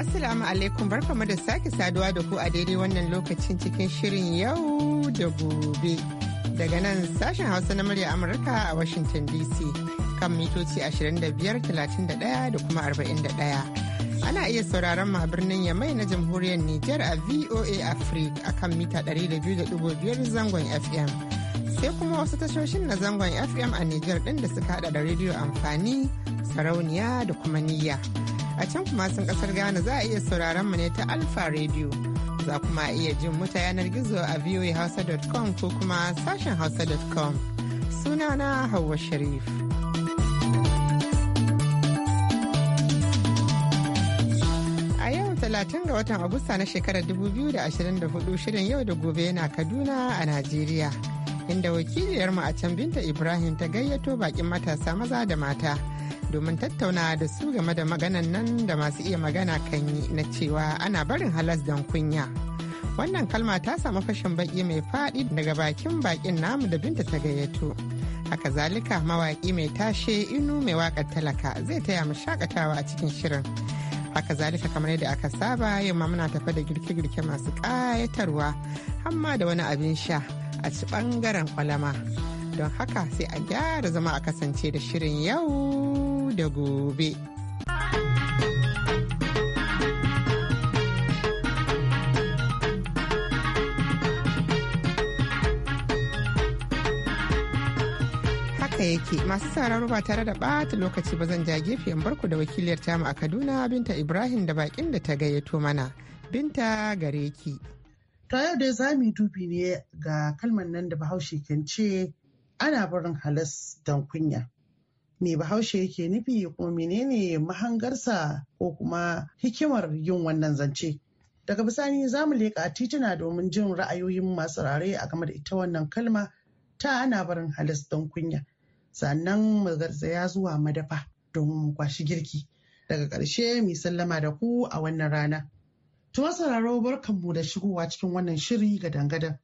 assalamu alaikum barkamu da sake saduwa da ku a daidai wannan lokacin cikin shirin yau da gobe daga nan sashen hausa na murya amurka a washington dc kan mitoci 25,31 da kuma 41 ana iya sauraron ma birnin yamai na jamhuriyar Nijar a voa africa a kan mita 200.5 zangon fm sai kuma wasu tashoshin na zangon fm a Nijar ɗin da suka haɗa da rediyo amfani sarauniya da kuma niyya a can kuma sun kasar Ghana za a iya sauraron mu ne ta Alfa Radio. Za kuma iya jin muta yanar gizo a voahausa.com ko kuma sashen hausa.com. na Hauwa Sharif. A yau talatin ga watan Agusta na shekarar 2024 shirin yau da gobe yana Kaduna a Najeriya. Inda wakiliyarmu a can Binta Ibrahim ta gayyato bakin matasa maza da mata. domin tattauna da su game da maganan nan da masu iya magana kan yi na cewa ana barin halas don kunya. Wannan kalma ta samu fashin baki mai faɗi daga bakin bakin namu da binta ta gayyato. Haka zalika mawaƙi mai tashe inu mai waƙar talaka zai taya mu shakatawa a cikin shirin. haka zalika kamar yadda aka saba yamma muna tafe da girke-girke masu ƙayatarwa hamma da wani abin sha a ci ɓangaren kwalama don haka sai a gyara zama a kasance da shirin yau da gobe. yake masu sauraro ba tare da ɓata lokaci ba zan ja gefe barku da wakiliyar tamu a kaduna binta ibrahim da bakin da ta gayyato mana binta gare ki to yau dai za mu dubi ne ga kalmar nan da bahaushe kan ce ana barin halas don kunya me bahaushe yake nufi kuma menene mahangarsa ko kuma hikimar yin wannan zance. Daga bisani za mu leƙa tituna domin jin ra'ayoyin masu rare a game da ita wannan kalma ta ana barin halas don kunya. Sannan mu garzaya zuwa madafa domin mu kwashi girki. Daga ƙarshe mu sallama da ku a wannan rana. Tuma sauraro barkanmu da shigowa cikin wannan shiri ga dangadan.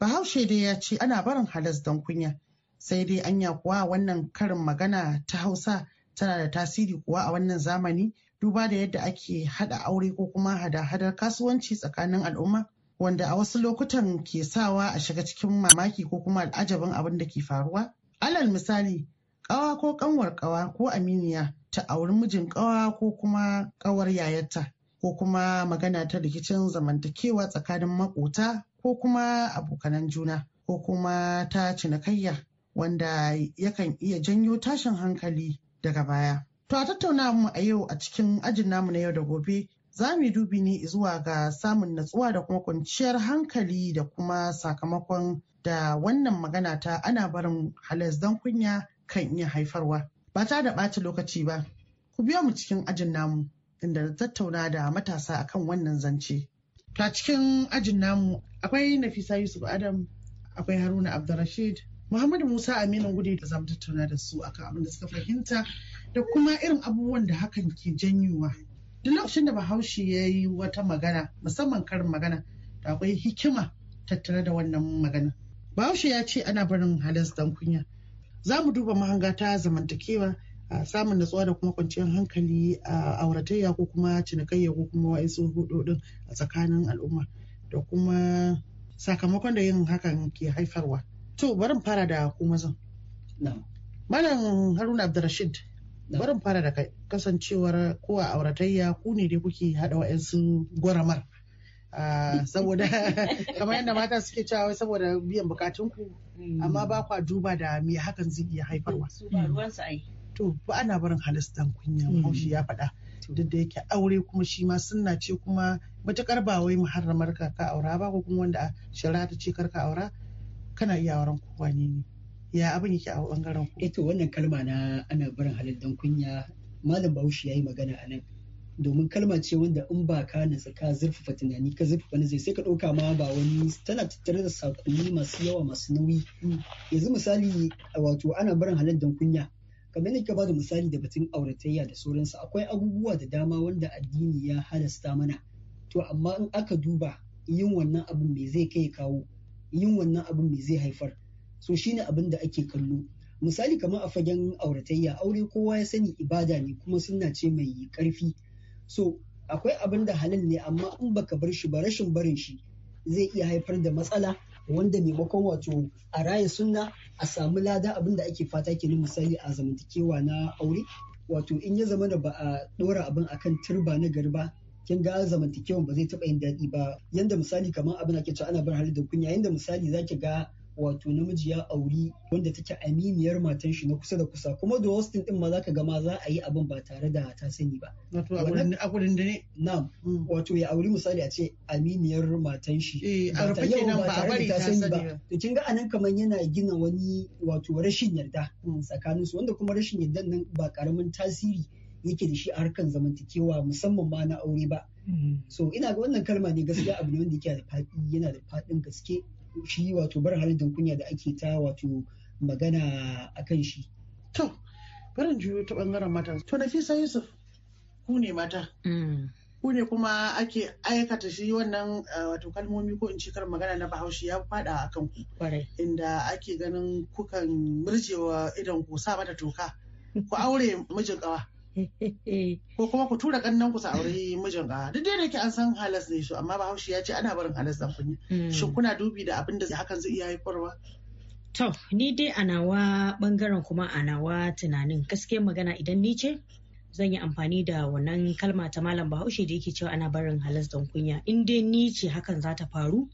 Bahaushe dai ya ce ana barin halas don kunya. sai dai anya kuwa wannan karin magana ta hausa tana da tasiri kuwa a wannan zamani duba da yadda ake hada aure ko kuma hada-hadar kasuwanci tsakanin al'umma wanda a wasu lokutan ke sawa a shiga cikin mamaki ko kuma al'ajabin abin da ke faruwa alal misali kawa ko kanwar kawa ko aminiya ta auri mijin kawa ko kuma kawar yayarta ko kuma magana ta rikicin zamantakewa tsakanin makota ko kuma abokanan juna ko kuma ta cinikayya wanda yakan iya janyo tashin hankali daga baya. To a tattauna mu a yau a cikin ajin namu na yau da gobe za mu dubi ne zuwa ga samun natsuwa da kuma kwanciyar hankali da kuma sakamakon da wannan magana ta ana barin halas don kunya kan iya haifarwa. Ba ta da ɓaci lokaci ba, ku biyo mu cikin ajin namu inda na tattauna da matasa akan wannan zance. To a cikin ajin namu akwai Nafisa Yusuf Adam, akwai Haruna Abdulrashid, Muhammadu Musa Aminu gudu da zamu tattauna da su akan abin da suka fahimta da kuma irin abubuwan da hakan ke janyowa. Duk lokacin da Bahaushe ya yi wata magana musamman karin magana da akwai hikima tattare da wannan magana. Bahaushe ya ce ana barin halas dan kunya. Za mu duba mahanga ta zamantakewa a samun natsuwa da kuma kwanciyar hankali a auratayya ko kuma cinikayya ko kuma wa'insu hudodin a tsakanin al'umma da kuma sakamakon da yin hakan ke haifarwa. to barin fara da ku mazan malam haruna abdurrashid barin fara da kasancewar ko a auratayya ku ne dai kuke haɗa wa'yansu gwaramar ah, saboda kamar yadda mata suke cewa saboda biyan bukatun ku mm. amma ba kwa duba da me hakan zai iya haifarwa mm. to ba ana barin halistan kunya mm. haushi ya faɗa duk da yake aure kuma shi ma suna ce kuma matukar ba wai muharramar ka ka aura ba ko kuma wanda shari'a ta ce kar ka aura kana iya auren kowa ne ne ya abin yake a bangaren ku eto eh wannan kalma na ana barin halal dan kunya malam bahaushe yayi magana a nan domin kalma ce wanda in ba ka na tsaka zurfafa tunani ka zurfafa nazari sai ka ɗauka ma ba wani tana tattare da sakonni masu yawa masu nauyi hmm. yanzu misali wato ana barin halal dan kunya kamar ka ba da misali da batun auratayya da sauransu akwai abubuwa da dama wanda addini ya halasta mana to amma in aka duba yin wannan abin me zai kai kawo yin wannan abin me zai haifar so shine abin da ake kallo misali kamar a fagen auratayya aure kowa ya sani ibada ne kuma suna ce mai karfi so akwai abin da halal ne amma in baka bar shi ba rashin barin shi zai iya haifar da matsala wanda maimakon wato a raya sunna a samu lada abin da ake fata kenan misali a zamantakewa na aure wato in ya zama da ba a dora abin akan turba na gari kin ga zamantakewan ba zai taɓa yin daɗi ba yanda misali kamar abin ake cewa ana bar hali da kunya yanda misali zaki ga wato namiji ya auri wanda take aminiyar matan shi na kusa da kusa kuma da hostin din ma zaka ga ma za a yi abin ba tare da ta sani ba wato a gurin da ne na'am mm. wato ya auri misali a ce aminiyar matan shi eh, ba a da ta sani ba to kin ga anan kaman yana gina wani wato rashin yarda mm. tsakanin su wanda kuma rashin yarda nan ba karamin tasiri yake da shi a harkan zamantakewa musamman ma na aure ba mm. so ina ga wannan kalma ne gaskiya abu ne wanda yake da faɗi yana da faɗin gaske shi wato bar halin kunya da ake ta wato magana akan shi to barin juyo ta bangaren mata to nafisa yusuf ku ne mata mm. ku ne kuma ake aikata shi wannan eh, wato kalmomi ko in ce kar magana na bahaushe ya fada a kan ku inda ake ganin kukan murjewa idan ku sa mata toka ku aure mijin kawa ko kuma ku tura kannan ku sa aure mijin ga duk da yake an san halas ne su amma bahaushe ya ce ana barin halas dan kunya hmm. shin kuna dubi da abin da hakan zai iya haifarwa to ni dai a nawa bangaren kuma a nawa tunanin gaske magana idan ni ce zan yi amfani da wannan kalma ta malam bahaushe da yake cewa ana barin halas dan kunya in dai ni ce hakan za ta faru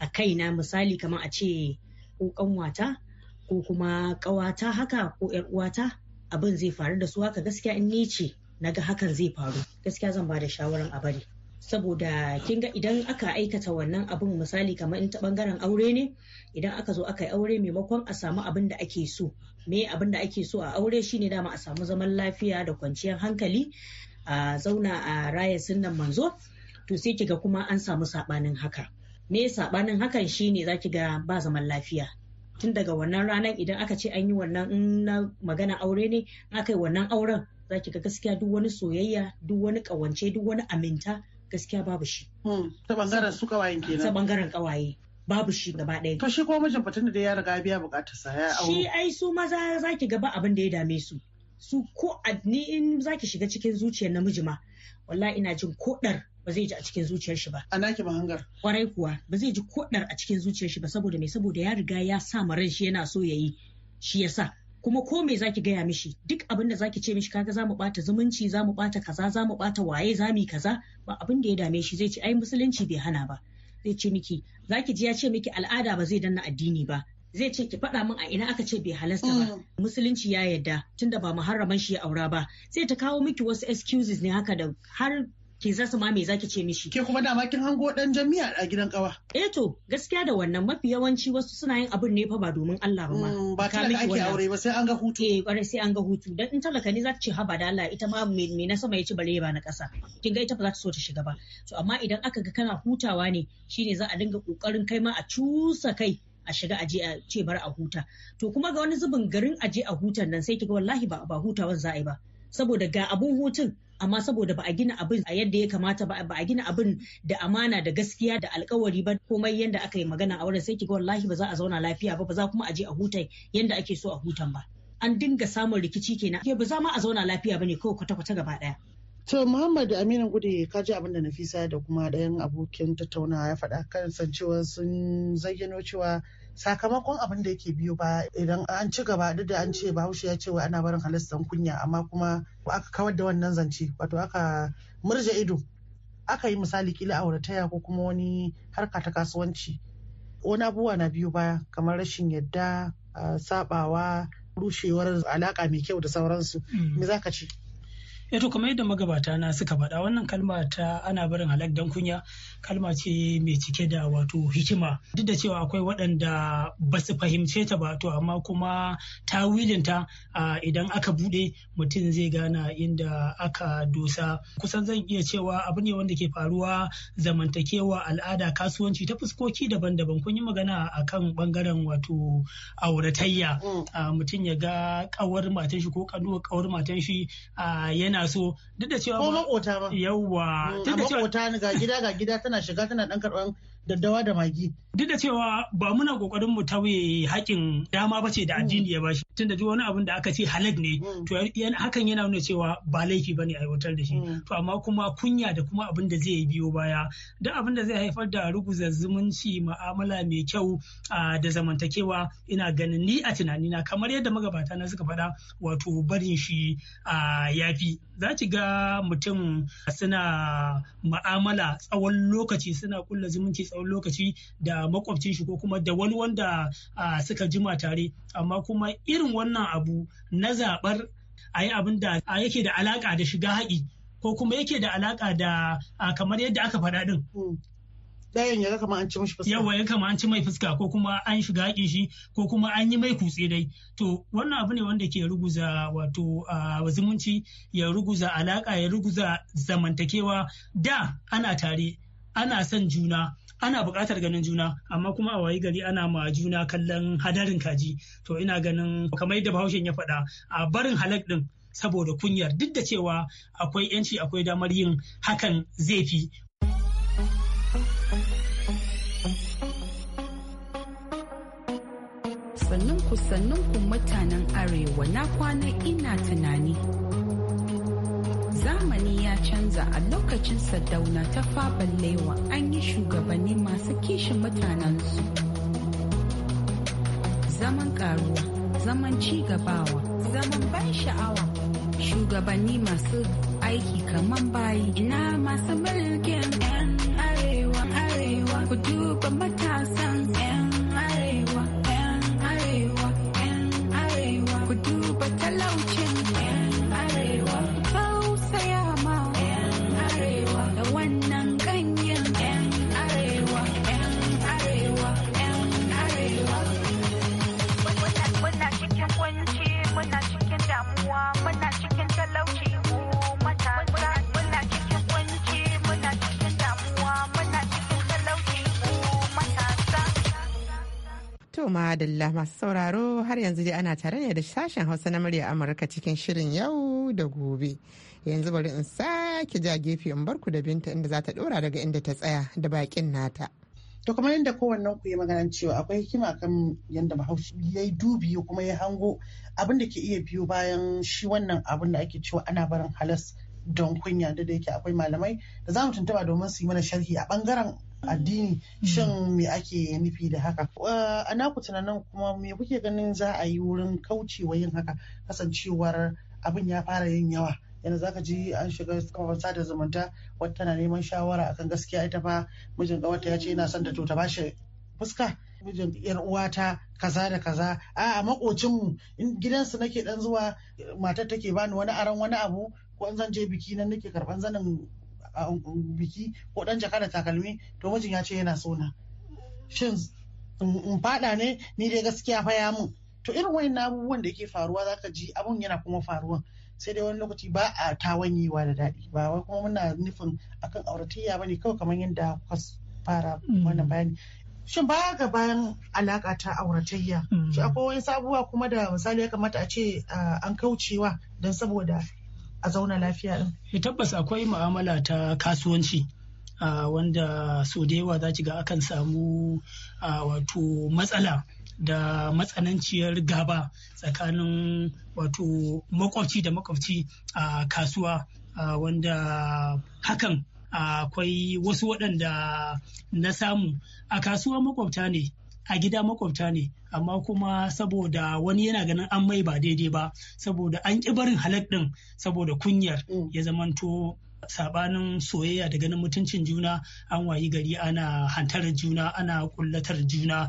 a kaina misali kamar a ce ko kanwata ko kuma kawata haka ko yar uwata abin zai faru da su haka gaskiya in ni ce na ga hakan zai faru gaskiya zan ba da shawaran a bari saboda kin ga idan aka aikata wannan abin misali kamar in ta bangaren aure ne idan aka zo aka yi aure maimakon a samu abin da ake so me abin da ake so a aure shine dama a samu zaman lafiya da kwanciyar hankali a zauna a raya sunan manzo to sai kiga kuma an samu sabanin haka me sabanin hakan shine zaki ga ba zaman lafiya tun daga wannan ranar idan aka ce an yi wannan na magana aure ne aka yi wannan auren za ki ga gaskiya duk wani soyayya duk wani kawance duk wani aminta gaskiya babu shi. Hmm, ta bangaren su kawayen kenan ta bangaren kawaye babu shi gaba ɗaya. to shi ko mijin fitin da ya riga biya bukatar sa ya aure. shi ai su maza za ki gaba abin da ya dame su su ko ni in za ki shiga cikin zuciyar namiji ma wallahi ina jin koɗar. ba zai ji a cikin zuciyar shi ba. A naki mahangar. Kwarai kuwa ba zai ji kodar a cikin zuciyar shi ba saboda me saboda ya riga ya sa ma ran shi yana so ya yi shi ya sa. Kuma ko me zaki gaya mishi duk abin da zaki ce mishi kaga za mu bata zumunci za mu bata kaza za mu bata waye za mu yi kaza ba abin da ya dame shi zai ce ai musulunci bai hana ba. Zai ce miki zaki ji ya ce miki al'ada ba zai danna addini ba. Zai ce ki faɗa min a ina aka ce bai halasta ba. Mm. Musulunci ya yarda tunda ba muharraman shi ya aura ba. Sai ta kawo miki wasu excuses ne haka da har ki zasu ma me zaki ce mishi ke kuma dama kin hango dan jami'a a gidan kawa eh to gaskiya da wannan mafi yawanci wasu suna yin abun ne fa ba domin Allah ba ma mm, ba talaka ake aure ba sai an ga hutu eh kwarai sai an ga hutu dan in talaka ne zata ce ce haba da Allah ita ma me na sama ya ci bare ba na kasa kin ga ita ba za ta so ta shiga ba to amma idan aka ga kana hutawa ne shine za a dinga kokarin kai ma a cusa kai a shiga aje a ce bar a huta to kuma ga wani zubin garin aje a hutan nan sai kiga wallahi ba ba hutawan za a ba saboda ga abun hutun amma saboda ba a gina abin a yadda ya kamata ba ba a gina abin da amana da gaskiya da alkawari ba komai yadda aka yi magana a wurin sai ki ga wallahi ba za a zauna lafiya ba ba za kuma a je a huta yadda ake so a hutan ba an dinga samun rikici kenan ke ba za ma a zauna lafiya ba ne kawai kwata-kwata gaba daya To Muhammad Aminu Gude ka ji abin da Nafisa da kuma ɗayan abokin tattaunawa ya faɗa kan cewa sun zayyano cewa sakamakon abin da yake biyo ba idan an ci gaba duk da an ce bahaushe ya ce wa ana barin halittar kunya amma kuma aka kawar da wannan zance wato aka murje ido aka yi misali kila aurataya ko kuma wani harka ta kasuwanci wani abubuwa na biyo baya kamar rashin yadda sabawa rushewar alaka mai kyau da sauransu mm. me zaka ce Eh to kamar yadda magabata na suka faɗa wannan kalma ta ana barin halak dan kunya kalma ce mai cike da wato hikima duk da cewa akwai waɗanda ba su fahimce ta ba to amma kuma ta wilinta idan aka buɗe mutum zai gana inda aka dosa kusan zan iya cewa abu ne wanda ke faruwa zamantakewa al'ada kasuwanci ta fuskoki daban-daban kun yi magana akan bangaren wato auratayya mm. mutum ya ga kawar matan shi ko kanuwar kawar matan shi yana so duk da cewa ko makota ba yawwa mm, duk da cewa ga gida ga gida tana shiga tana dan karban daddawa da magi. Duk da cewa ba muna kokarin mu tauye haƙin dama ba ce da addini ya bashi tun da wani abin da aka ce halal ne mm. to hakan yana nuna cewa ba laifi bane aiwatar da shi mm. to amma kuma kunya da kuma abin da zai biyo baya duk abin da zai haifar da ruguza zumunci ma'amala mai kyau da zamantakewa ina ganin ni a tunani na. kamar yadda magabata na suka faɗa wato barin shi yafi za ki ga mutum suna ma'amala tsawon lokaci suna kulla zumunci tsawon lokaci da makwabcin shi ko kuma da wani wanda suka jima tare amma kuma irin wannan abu na zaɓar a yi abin da yake da alaƙa da shiga haƙi ko kuma yake da alaƙa da kamar yadda aka faɗa ɗin hmm. ɗayan ya kama an ci fuska. Yawa ya kama an ci mai fuska ko kuma an shiga haƙin shi ko kuma an yi mai kutse dai. To wannan abu ne wanda ke ruguza wato zumunci ya ruguza alaƙa ya ruguza zamantakewa da ana tare ana son juna ana buƙatar ganin juna amma kuma a wayi gari ana ma juna kallon hadarin kaji to ina ganin kamar yadda bahaushen ya faɗa a barin halak ɗin saboda kunyar duk da cewa akwai yanci akwai damar yin hakan zai fi sannan ku sannan ku mutanen arewa na kwana ina tunani zamani ya canza a lokacin sadauna ta faballewa an yi shugabanni masu kishin mutanensu zaman karuwa zaman cigabawa zaman ban sha'awa shugabanni masu aiki kaman bayi ina masu mulkin 'yan arewa arewa ku duba matasan 'yan To dalla masu sauraro har yanzu dai ana tare ne da sashen Hausa na murya Amurka cikin shirin yau da gobe. Yanzu bari in sake ja gefe in barku da binta inda za ta dora daga inda ta tsaya da bakin nata. To kamar yadda kowannen ku yi maganan cewa akwai hikima kan yadda bahaushe ya yi dubi kuma ya hango abin da ke iya biyo bayan shi wannan abin da ake cewa ana barin halas don kunya da da yake akwai malamai da za mu tuntuba domin su yi mana sharhi a bangaren addini mm. shin me ake nufi da haka a naku tunanin kuma me kuke ganin za a yi wurin kaucewa yin haka kasancewar abin ya fara yin yawa yanzu zaka ji an shiga kafafen sada zumunta wata tana neman shawara akan gaskiya ita fa mijin ƙawarta ya ce yana son da to ta bashi fuska mijin yar uwata kaza da kaza a a mu gidansu nake dan zuwa matar take bani wani aran wani abu ko an zan je biki nan nake karban zanin biki ko dan jaka da takalmi to mijin ya ce yana sona shin in fada ne ni dai gaskiya fa ya mun to irin wayan abubuwan da ke faruwa zaka ji abun yana kuma faruwa sai dai wani lokaci ba a tawanyewa da daɗi ba wai kuma muna nufin akan auratayya ba ne kawai kamar yadda kuka fara mm. wannan bayani shin ba ga bayan alaka ta auratayya mm. shi akwai wani sabuwa kuma da misali ya kamata a ce ah, an kaucewa don saboda a zauna lafiya Ya eh, tabbas akwai mu'amala ta kasuwanci uh, wanda so da yawa za ga akan samu uh, wato matsala da matsananciyar gaba tsakanin wato makwabci da makwabci a uh, kasuwa wanda hakan akwai wasu waɗanda na samu a kasuwa makwabta ne a gida makwabta ne amma kuma saboda wani yana ganin an mai ba daidai ba saboda an ƙi barin halal saboda kunyar mm. ya zamanto sabanin soyayya da ganin mutuncin juna an wayi gari ana hantar juna ana kullatar juna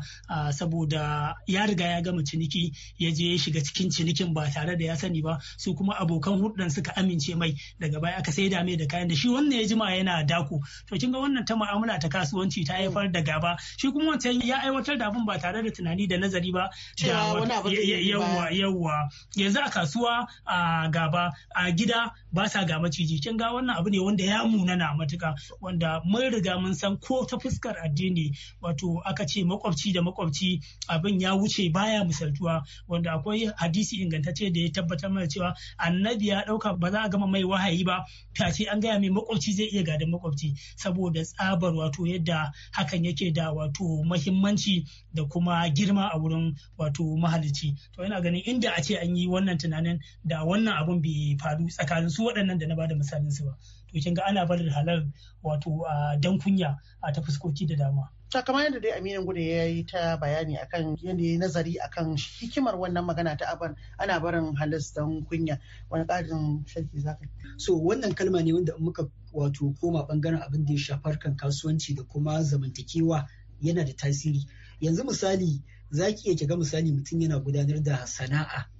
saboda ya riga ya gama ciniki ya je ya shiga cikin cinikin ba tare da ya sani ba su kuma abokan hurdan suka amince mai daga baya aka saida mai da kayan da shi wannan ya jima yana dako to kin ga wannan ta mu'amala ta kasuwanci ta haifar da gaba shi kuma wancan ya aiwatar da abin ba tare da tunani da nazari ba yauwa yanzu a kasuwa a gaba a gida ba sa ga maciji kin ga wannan abu ne wanda ya munana matuka wanda mun riga mun san ko ta fuskar addini wato aka ce makwabci da makwabci abin ya wuce baya misaltuwa wanda akwai hadisi ingantacce da ya tabbatar mana cewa annabi ya dauka ba za a gama mai wahayi ba face an gaya mai makwabci zai iya gadin makwabci saboda tsabar wato yadda hakan yake da wato mahimmanci da kuma girma a wurin wato mahalici to ina ganin inda a ce an yi wannan tunanin da wannan abun bai faru tsakanin su waɗannan da na bada misalin su ba to kin ga ana barin halal wato dan kunya a ta fuskoki da dama kamar yadda dai aminu gudu ya yi ta bayani akan yadda ya nazari akan hikimar wannan magana ta aban ana barin halas dan kunya wani ƙarin sharki zaka so wannan kalma ne wanda muka wato koma bangaren abin da ya shafar kan kasuwanci da kuma zamantakewa yana da tasiri yanzu misali za ki iya kiga misali mutum yana gudanar da sana'a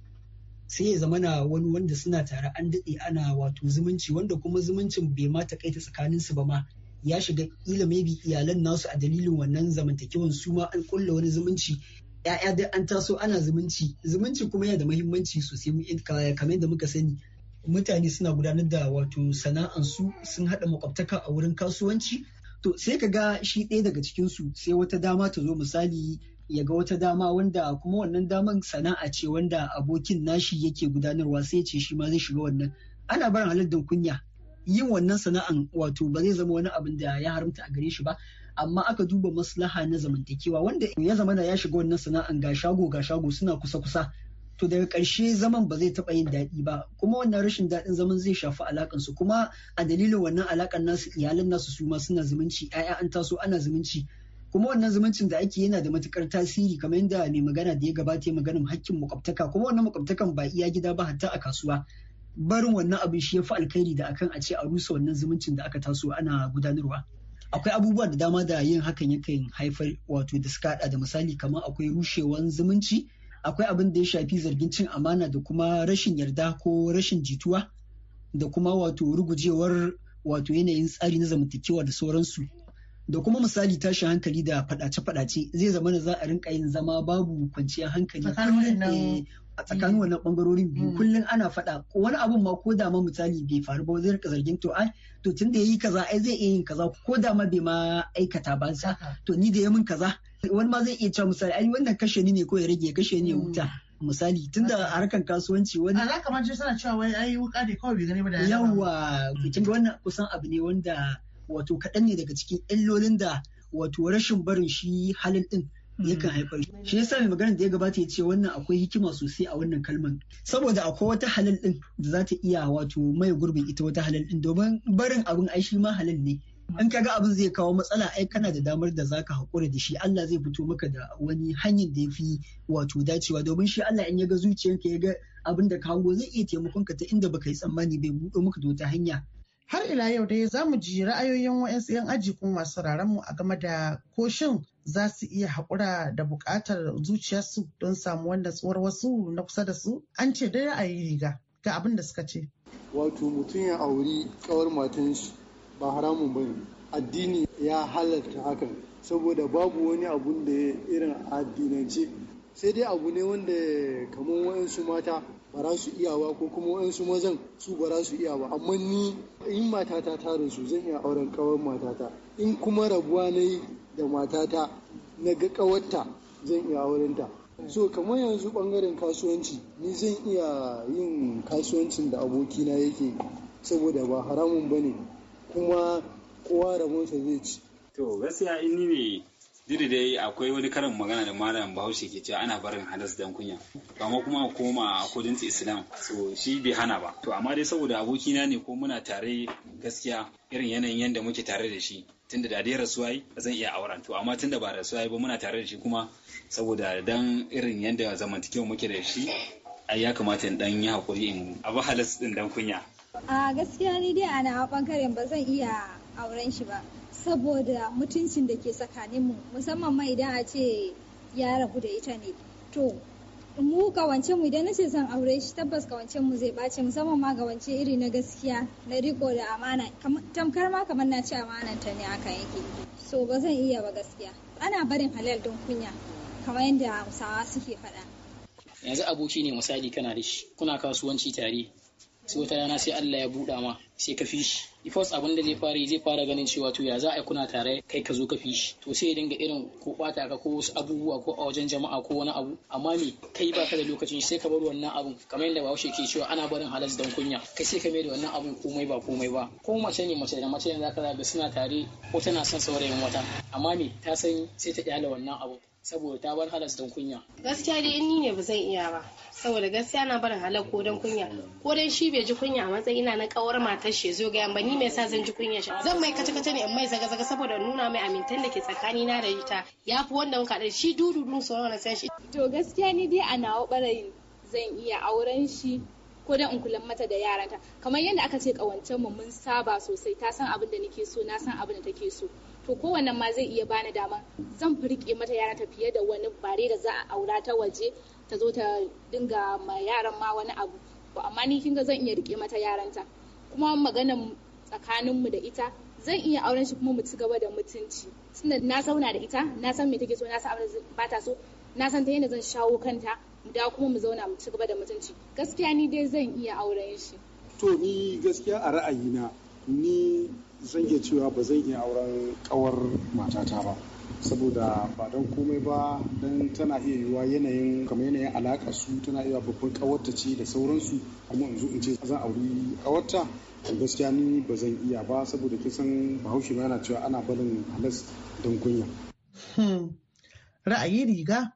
sai ya zamana na wani wanda suna tare an daɗe ana wato zumunci wanda kuma zumuncin bai ma kaita tsakanin su ba ma ya shiga kila maybe iyalan nasu a dalilin wannan zamantakewan su ma an kulla wani zumunci ya'ya dai an taso ana zumunci zumunci kuma yana da muhimmanci sosai kamar da muka sani mutane suna gudanar da wato sana'an su sun haɗa makwabtaka a wurin kasuwanci to sai ka ga shi ɗaya daga cikin su sai wata dama ta zo misali ya ga wata dama wanda kuma wannan daman sana'a ce wanda abokin nashi yake gudanarwa sai ce shi ma zai shiga wannan ana barin halittar kunya yin wannan sana'an wato ba zai zama wani abin da ya haramta a gare shi ba amma aka duba maslaha na zamantakewa wanda ya zama ya shiga wannan sana'an ga shago ga shago suna kusa kusa to daga karshe zaman ba zai taɓa yin daɗi ba kuma wannan rashin daɗin zaman zai shafi alaƙan su kuma a dalilin wannan alaƙan nasu iyalan nasu su ma suna zumunci ƴaƴa an taso ana zumunci kuma wannan zumuncin da ake yana da matukar tasiri kamar yadda mai magana da ya gabata ya maganin hakkin makwabtaka kuma wannan makwabtakan ba iya gida ba hatta a kasuwa barin wannan abin shi ya fi alkhairi da akan a ce a rusa wannan zumuncin da aka taso ana gudanarwa akwai abubuwa da dama da yin hakan yakan haifar wato da suka da misali kamar akwai rushewan zumunci akwai abin da ya shafi zargin cin amana da kuma rashin yarda ko rashin jituwa da kuma wato rugujewar wato yanayin tsari na zamantakewa da sauransu da kuma misali tashin hankali da fadace-fadace zai zama na za a rinka yin zama babu kwanciyar hankali eh, a tsakanin wannan bangarorin biyu mm. kullum ana faɗa wani abun ma ko da ma misali bai faru ba zai rika zargin to ai to tun da yayi kaza ai zai iya yin kaza ko da ma bai ma aikata ba sa to ni da ya min kaza wani ma zai iya cewa misali ai wannan kashe ni ne ko ya rage kashe ni ya huta mm. misali tun da harkan kasuwanci wani ala kamar suna cewa wai ai wuka ne kawai bai gani ba da yawa mm. kin ga wannan kusan abu ne wanda wato kaɗan ne daga cikin illolin da wato rashin barin shi halin din hmm. yakan haifar shi yasa mai magana da ya gabata ya ce wannan akwai hikima sosai a wannan kalman saboda akwai wata halal ɗin da za ta iya wato mai gurbin ita wata halal ɗin domin barin abin ai shi ma halal ne in kaga abin zai kawo matsala ai kana da damar da zaka haƙura da shi Allah zai fito maka da wani hanyar da yafi wato dacewa domin shi Allah in ya ga zuciyarka ya ga abin da ka hango zai iya taimakon ka ta inda baka yi tsammani bai buɗo maka da wata hanya Har ila yau dai za mu ji ra'ayoyin wa'yansu 'yan aji kuma masu mu a game da koshin za su iya haƙura da buƙatar zuciyarsu don samu wanda tsohuwar wasu na kusa da su an ce dai ra'ayi riga ga abin da suka ce. Wato mutum ya auri kawar matan shi ba haramun ba addini ya halarta hakan saboda babu wani abun da irin addinance sai dai abu ne wanda kamar waɗansu mata bara su iyawa ko kuma wa'ansu mazan su bara su iyawa amma ni in matata ta rasu zan iya auren kawar matata in kuma rabuwa na yi da matata na ga kawarta zan iya auren ta so kamar yanzu bangaren kasuwanci ni zan iya yin kasuwancin da abokina yake saboda ba haramun bane kuma kowa rabonsa zai ci to gaskiya in ni ne didi dai akwai wani karin magana da malam bahaushe ke cewa ana barin hadas dan kunya amma kuma koma a kudin islam so shi bai hana ba to amma dai saboda abokina ne ko muna tare gaskiya irin yanayin yadda muke tare da shi tunda da dai rasuwa yi zan iya auren to amma tunda ba rasuwa yi ba muna tare da shi kuma saboda dan irin yadda zamantakewa muke da shi ai ya kamata in dan yi hakuri in abu halas din dan kunya a gaskiya ni dai ana bangaren ba zan iya auren shi ba saboda mutuncin da ke tsakaninmu musamman ma idan a ce ya rabu da ita ne to mu kawance mu idan nace zan aure shi tabbas kawance mu zai bace musamman ma kawance iri na gaskiya na riko da amana tamkar ma kamar na ce amananta ne aka yake so ba zan iya ba gaskiya ana barin halal don kunya kamar yadda hausawa suke faɗa yanzu aboki ne misali kana da shi kuna kasuwanci tare sai wata rana sai Allah ya buɗa ma sai ka fi shi ifos abin da zai fara zai fara ganin cewa to ya za a kuna tare kai ka zo ka fi shi to sai ya dinga irin ko bata ka ko wasu abubuwa ko a wajen jama'a ko wani abu amma me kai baka da lokacin sai ka bar wannan abun kamar yadda bahaushe ke cewa ana barin halas dan kunya kai sai ka mai da wannan abun komai ba komai ba ko mace ne mace da mace ne zaka zaga suna tare ko tana son saurayin wata amma me ta san sai ta kyale wannan abun saboda ta bar halas kunya gaskiya dai ni ne ba zan iya ba saboda gaskiya na barin halar ko don kunya ko dan shi bai ji kunya a matsayi ina na kawar matar shi zo ga ba ni mai sa zan ji kunya shi zan mai kace kace ne in mai zaga zaga saboda nuna mai amintan da ke tsakani na da ita ya fi wanda muka da shi dududun sauran na sai shi to gaskiya ni dai a nawa barayin zan iya auren shi ko dan in kula mata da yaranta kamar yadda aka ce kawancen mu mun saba sosai ta san abin da nake so na san abin da take so to kowanne ma zai iya bani dama zan firke mata yaranta fiye da wani bare da za a aura ta waje ta zo ta dinga ma yaran ma wani abu to amma ni kinga zan iya rike mata yaranta kuma maganan tsakaninmu da ita zan iya auren shi kuma mu ci gaba da mutunci tunda na zauna da ita na san me take so na san abin da ba ta so na san ta yadda zan shawo kanta da kuma mu zauna mu ci gaba da mutunci gaskiya ni dai zan iya auren shi to ni gaskiya a ra'ayina ni zan iya cewa ba zan iya auren kawar matata ba saboda ba don komai ba don tana iya yiwuwa yanayin kamar yanayin alaka su tana iya babban kawarta ce da sauransu amma in zo in ce zan auri kawarta gaskiya ni ba zan iya ba saboda kisan bahaushe ma yana cewa ana barin halas don kunya. Hmm. ra'ayi riga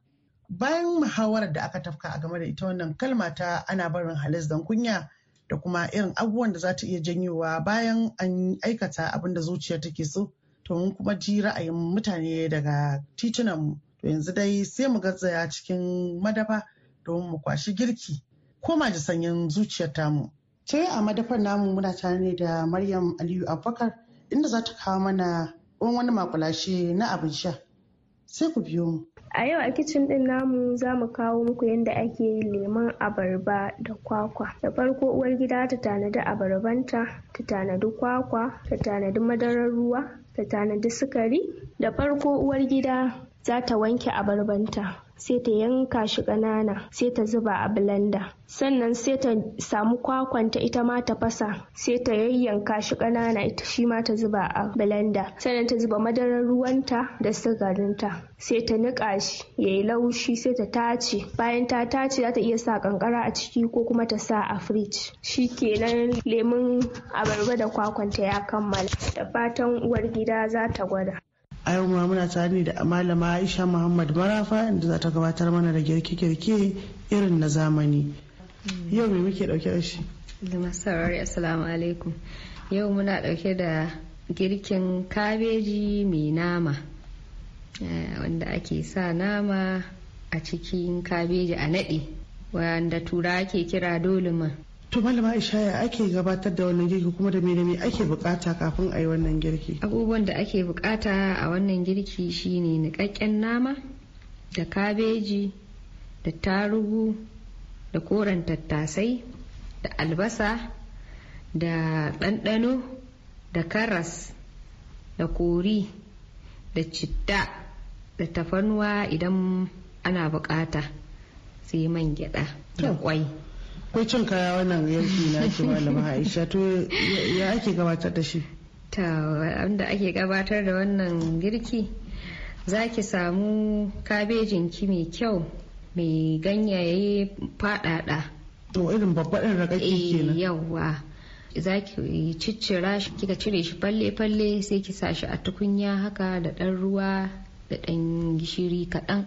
bayan muhawarar da aka tafka a game da ita wannan kalma ta ana barin halis don kunya da kuma irin abubuwan da za ta iya janyowa bayan an aikata abin da zuciya take so to mun kuma ji ra'ayin mutane daga titunan to yanzu dai sai mu garzaya cikin madafa domin mu kwashi girki koma ji sanyin zuciyar mu. ce a madafar namu muna tare ne da maryam aliyu abubakar inda za ta kawo mana wani makulashe na abin sha sai ku biyo mu A yau a kicin ɗin namu za mu kawo muku yadda ake yin lemon abarba da kwakwa. Da farko uwar gida ta tanadi abarbanta, ta tanadi kwakwa, ta tanadi madarar ruwa, ta tanadi sukari. Da farko uwar gida za ta wanke abarbanta. sai ta yanka shi ƙanana sai ta zuba a blender sannan sai ta samu kwakwanta ita ma ta fasa sai ta yayyanka shi ƙanana ita shi ma ta zuba a blender sannan ta zuba madarar ruwanta da sigarinta sai ta niƙa shi ya yi laushi sai ta tace bayan ta tace za ta iya sa ƙanƙara a ciki ko kuma ta sa a fridge kenan lemun abarba da kwakwanta ya kammala da fatan uwar gida za ta gwada a yau ma muna tare da malama aisha muhammad marafa inda za ta gabatar mana da girke-girke irin na zamani yau mai muke dauke da shi da masarar assalamu alaikum yau muna dauke da girkin kabeji mai nama eh, wanda ake sa nama a cikin kabeji a nade wanda tura ake kira dolima To malama Aisha ya ake gabatar da wannan girki kuma da me ake bukata kafin a yi wannan girki? Abubuwan da ake bukata a wannan girki shine nikakken nama da kabeji da tarugu da koren tattasai da albasa da ɗanɗano da karas da kori da citta da tafarnuwa idan ana bukata sai man gyada da kwai. akwai cin kaya wannan yanki na ke malama aisha to ya ake gabatar da shi ta wanda ake gabatar da wannan girki za ki samu kabejin ki mai kyau mai ganyaye fadada to irin babbaɗin ragaki eh, kenan yawa za ki ciccira shi kika cire shi falle-falle sai ki sa shi a tukunya haka da ɗan ruwa da ɗan gishiri kaɗan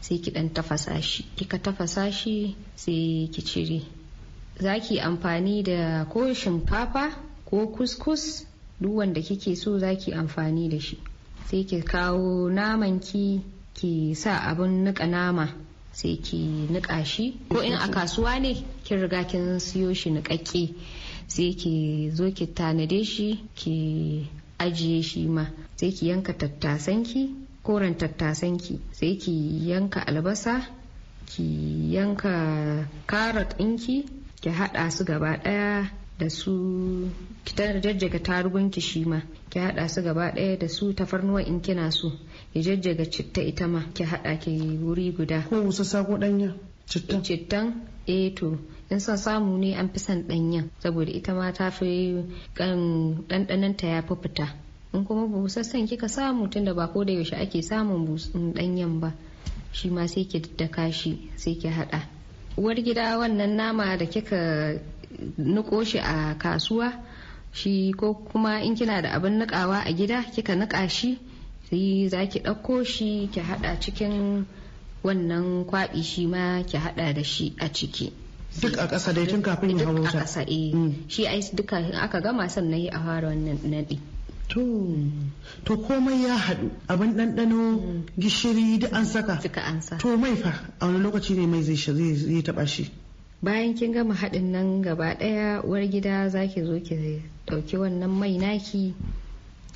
sai ki ɗan tafasa shi kika tafasa shi sai ki cire za ki amfani da ko shinkafa ko kuskus duk wanda kike so za ki amfani da shi sai ki kawo naman ki ki sa abin nika nama sai ki nika shi ko in a kasuwa ne kin riga kin siyo shi nikakke sai ki zo ki tanade shi ki ajiye shi ma sai ki yanka tattasanki koren tattasanki sai ki yanka albasa ki yanka karat ɗinki ki haɗa su gaba ɗaya da su ta jajjaga tarugun ki shi ma ki haɗa su gaba ɗaya da su tafarnuwa in kina so ki jajjaga citta ita ma ki haɗa ki wuri guda ko sako ɗanya cittan cittan eh to in son samu ne an fi son ɗanyen saboda ita ma ta fi kan ɗanɗanon ta ya fi fita in kuma busassan kika samu tunda ba ko da yaushe ake samun ɗanyen ba shi ma sai ki daddaka shi sai ki haɗa uwar gida wannan nama da kika nuko shi a kasuwa shi ko kuma in kina da abin nukawa a gida kika nuka shi sai za ki ɗauko shi ki haɗa cikin wannan kwaɓi shi ma ki haɗa da shi a ciki duk a ƙasa dai tun kafin ya hawo duk a ƙasa eh mm. shi ai duka aka gama sannan a fara wannan naɗi to komai ya haɗu abin ɗanɗano mm. gishiri da an saka to mai fa a wani lokaci ne mai zai taɓa shi bayan kin gama haɗin nan gaba ɗaya uwar gida za ki zo ki ɗauki wannan mai naki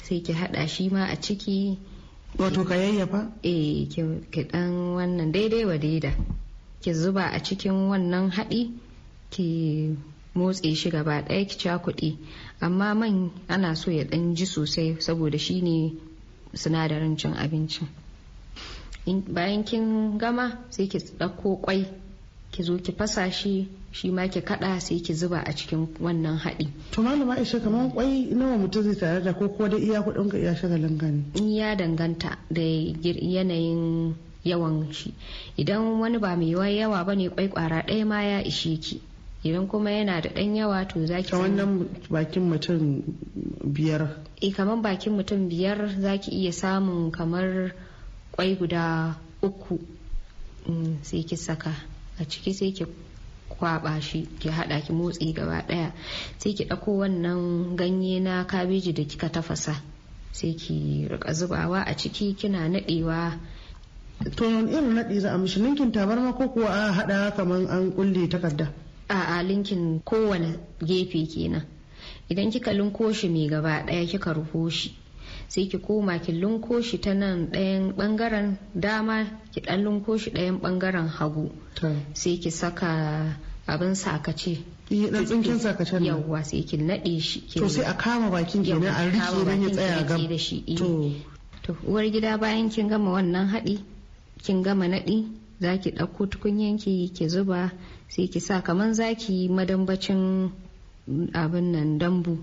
sai ki haɗa shi ma a ciki wato ka yayyafa eh ki ɗan wannan daidai wa daida ki zuba a cikin wannan haɗi ki motse shi gaba ɗaya ki kuɗi amma man ana so ya ɗan ji sosai saboda shi ne sinadarin cin abincin bayan kin gama sai ki ɗauko kwai ki zo ki fasa shi shi ma ki kaɗa sai ki zuba a cikin wannan haɗi. to malama ishe kamar kwai nawa mutum zai tare da ko ko da iya kuɗin ka iya shagalin in ya danganta da yanayin yawan shi idan wani ba mai yawa bane kwai kwara ɗaya ma ya ishe ki idan kuma yana da ɗan yawa to za ki wannan bakin mutum biyar e kamar bakin mutum biyar za ki iya samun kamar kwai guda uku mm, sai ki saka a ciki sai ki kwaba shi ki hada ki motsi gaba daya sai ki ɗauko wannan ganye na kabeji da kika tafasa sai ki rika zubawa a ciki kina nadewa to irin nadi za a mishi linkin tabarma ko kuwa a hada kamar an kulle takarda a'a linkin kowane gefe kenan idan kika linko shi mai gaba daya kika rufo shi sai ki koma ki linko shi ta nan ɗayan ɓangaren dama ki ɗan linko shi ɗayan ɓangaren hagu sai ki saka abin sakace ɗan tsinkin sakacen nan yawwa sai ki nade shi to sai a kama bakin kenan a rike dan ya tsaya gam eh. to uwar gida bayan kin gama wannan haɗi kin gama nadi za ki ɗauko tukunyanki ki zuba sai ki sa kamar za ki yi madambacin abin nan dambu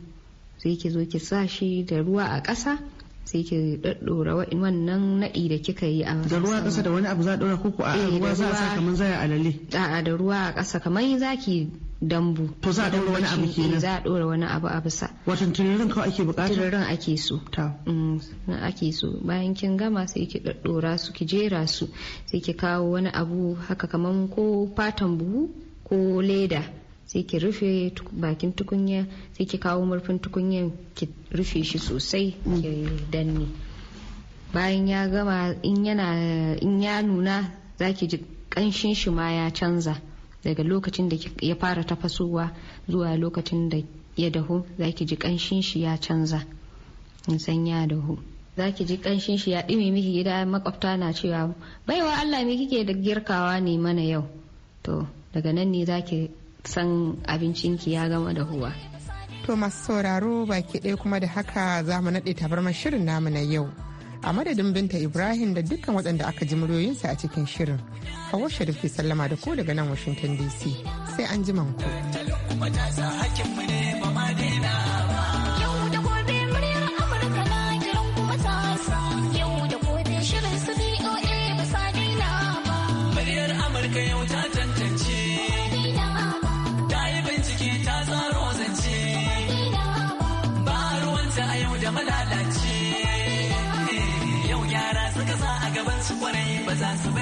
sai ki zo ki sa shi da ruwa a ƙasa sai ki daddora wannan naɗi da kika yi a da ruwa ƙasa da wani abu za a ɗora koko a eh, ruwa za a sa kamar zaya alale a da ruwa a ƙasa kamar za ki dambu to za a ɗora wani abu eh, ke za a ɗora wani abu a bisa watan tururin kawai ake bukata tururin ake so ta mm, na ake so bayan kin gama sai ki ɗaɗɗora su ki jera su sai ki kawo wani abu haka kaman ko fatan buhu ko leda sai ki rufe bakin tukunya sai ki kawo murfin tukunya ki rufe shi sosai ki danne bayan ya gama in yana in ya nuna zaki ji kanshin shi ma ya canza daga lokacin da ya fara tafasowa zuwa lokacin da ya dahu za ki ji kanshin shi ya canza in san ya dahu za ki ji kanshin shi ya ɗime miki gida makwabta na cewa baiwa allah me kike da girkawa ne mana yau to daga nan ne za ki san abincinki ya gama dahuwa to masu sauraro baki ɗaya kuma da haka za mu naɗe tabarmar shirin namu na yau a madadin binta ibrahim da dukkan waɗanda aka ji muryoyinsa a cikin shirin hawa sharif ke sallama da ko daga nan washington dc sai an ji manku. as I survive.